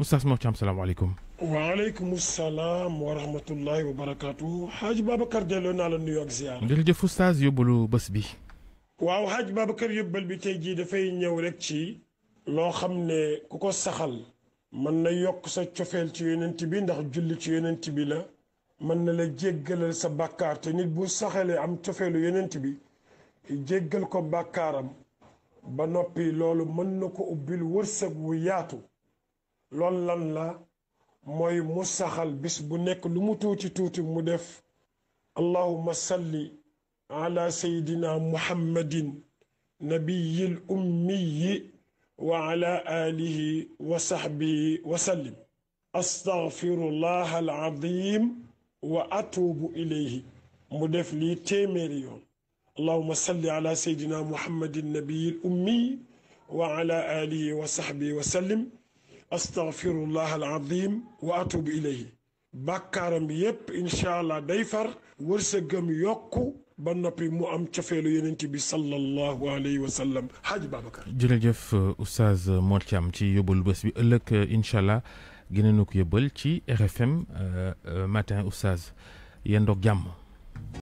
استاذ محكم السلام عليكم وعليكم السلام ورحمة الله وبركاته حاج بابكر دلونا على نيويورك زيارة دل جف استاذ يبلو بس بي واو حاج بابكر يبل بي تيجي دفاي نيو ركشي لو خمني كوكو سخل من نيوك سا تشوفيل تي يننتي بي ندخ جل تي يننتي بي لا من نلا جيجل سا باكار تي نيت بو سخل ام تشوفيل يننتي بي جيجل كو باكارم بنوبي لولو من نكو ابل ورسك وياتو lol lan la moy mu bis bu nek lu mu tuti tuti mu def allahumma salli ala sayidina muhammadin nabiyil ummiyi wa ala alihi wa sahbihi wa sallim astaghfirullah alazim wa atubu ilayhi mu def li temer yoon اللهم salli على سيدنا muhammadin nabiyil ummiyi wa ala وصحبه wa wa astaghfirullah alazim wa atubu ilayhi bàkkaaram bi yépp incha allah day far wërsëgam yokku ba noppi mu am cofeelu yenent bi sallallahu alayhi wa sallam Hadj Babacar. jërëjëf oustaz Mor Thiam ci yóbbalu bés bi ëllëg incha allah gën nañu ko yóbbal ci RFM matin oustaz yéen doog jàmm.